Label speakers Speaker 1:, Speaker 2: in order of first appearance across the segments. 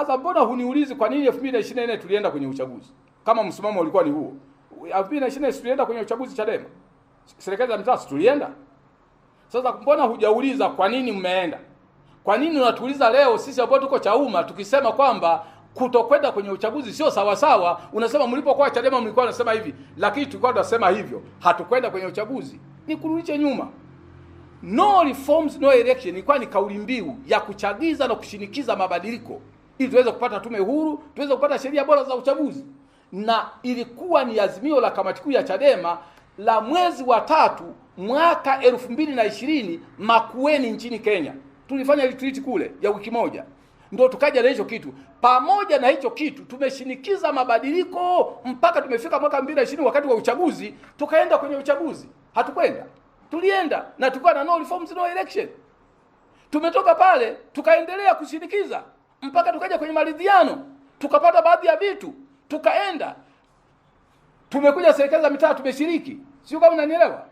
Speaker 1: Sasa mbona huniulizi kwa nini 2024 tulienda kwenye uchaguzi? Kama msimamo ulikuwa ni huo. 2024 tulienda kwenye uchaguzi Chadema. Serikali za mitaa tulienda. Sasa mbona hujauliza kwa nini mmeenda? Kwa nini unatuuliza leo sisi ambao tuko Chauma tukisema kwamba kutokwenda kwenye uchaguzi sio sawa sawa, unasema mlipokuwa Chadema mlikuwa unasema hivi, lakini tulikuwa tunasema hivyo, hatukwenda kwenye uchaguzi. Ni kurudisha nyuma. No reforms no election ilikuwa ni kauli mbiu ya kuchagiza na kushinikiza mabadiliko ili tuweze kupata tume huru, tuweze kupata sheria bora za uchaguzi. Na ilikuwa ni azimio la kamati kuu ya Chadema la mwezi wa tatu mwaka elfu mbili na ishirini Makueni nchini Kenya. Tulifanya retreat kule ya wiki moja, ndio tukaja na hicho kitu. Pamoja na hicho kitu, tumeshinikiza mabadiliko mpaka tumefika mwaka ishirini wakati wa uchaguzi, tukaenda kwenye uchaguzi. Hatukwenda, tulienda na tukawa na no reforms no election. Tumetoka pale tukaendelea kushinikiza mpaka tukaja kwenye maridhiano tukapata baadhi ya vitu tukaenda tumekuja serikali za mitaa tumeshiriki, sio kama unanielewa.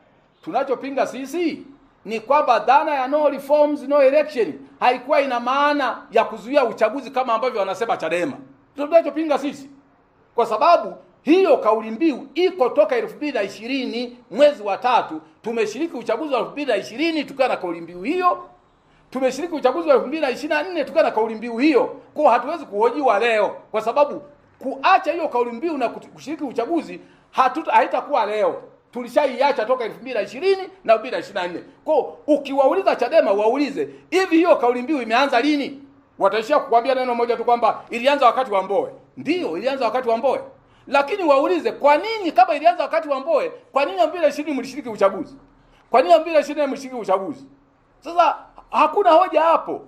Speaker 1: Tunachopinga sisi ni kwamba dhana ya no reforms no election haikuwa ina maana ya kuzuia uchaguzi kama ambavyo wanasema Chadema. Tunachopinga sisi, kwa sababu hiyo kauli mbiu iko toka elfu mbili na ishirini mwezi wa tatu. Tumeshiriki uchaguzi wa elfu mbili na ishirini tukiwa na kauli mbiu hiyo tumeshiriki uchaguzi wa 2024 tukiwa na kauli mbiu hiyo, kwa hatuwezi kuhojiwa leo, kwa sababu kuacha hiyo kauli mbiu na kushiriki uchaguzi haitakuwa leo tulishaiacha toka 2020 na 2024. Kwa hiyo ukiwauliza Chadema waulize hivi hiyo kauli mbiu imeanza lini? Wataishia kukwambia neno moja tu kwamba ilianza wakati wa Mbowe. Ndio, ilianza wakati wa Mbowe. Lakini waulize kwa nini kama ilianza wakati wa Mbowe, kwa nini 2020 mlishiriki uchaguzi? Kwa nini 2020 mlishiriki uchaguzi? Sasa hakuna hoja hapo,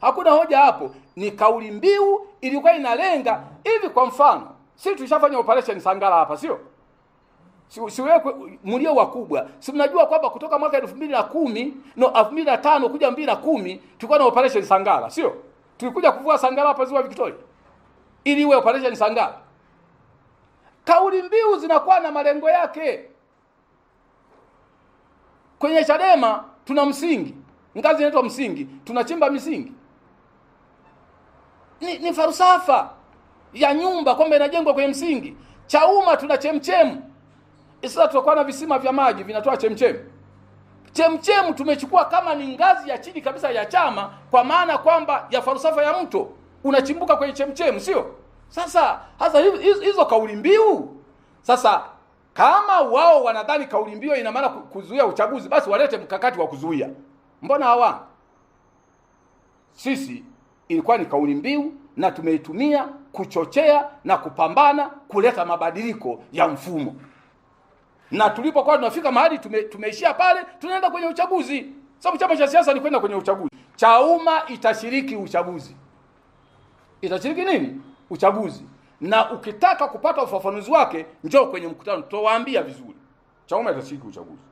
Speaker 1: hakuna hoja hapo, ni kauli mbiu ilikuwa inalenga hivi. Kwa mfano, sisi tulishafanya operation Sangara hapa, sio si, si mlio wakubwa, si mnajua kwamba kutoka mwaka 2010 no 2005 kuja 2010 tulikuwa na operation Sangara, sio tulikuja kuvua Sangara hapa ziwa Victoria, ili iwe operation Sangara. Kauli mbiu zinakuwa na malengo yake kwenye Chadema tuna msingi, ngazi inaitwa msingi, tunachimba misingi. Ni, ni farusafa ya nyumba kwamba inajengwa kwenye msingi. Chauma tuna chemchemu, sasa tutakuwa na visima vya maji vinatoa chemchemu. Chemchemu tumechukua kama ni ngazi ya chini kabisa ya chama, kwa maana kwamba ya farusafa ya mto unachimbuka kwenye chemchemu, sio? Sasa hasa hizo kauli mbiu sasa kama wao wanadhani kauli mbiu ina maana kuzuia uchaguzi, basi walete mkakati wa kuzuia. Mbona hawa? Sisi ilikuwa ni kauli mbiu na tumeitumia kuchochea na kupambana kuleta mabadiliko ya mfumo, na tulipokuwa tunafika mahali tume, tumeishia pale, tunaenda kwenye uchaguzi, sababu chama cha siasa ni kwenda kwenye uchaguzi. Chauma itashiriki uchaguzi, itashiriki nini uchaguzi na ukitaka kupata ufafanuzi wake njoo kwenye mkutano, tutawaambia vizuri. Chauma atashiriki uchaguzi.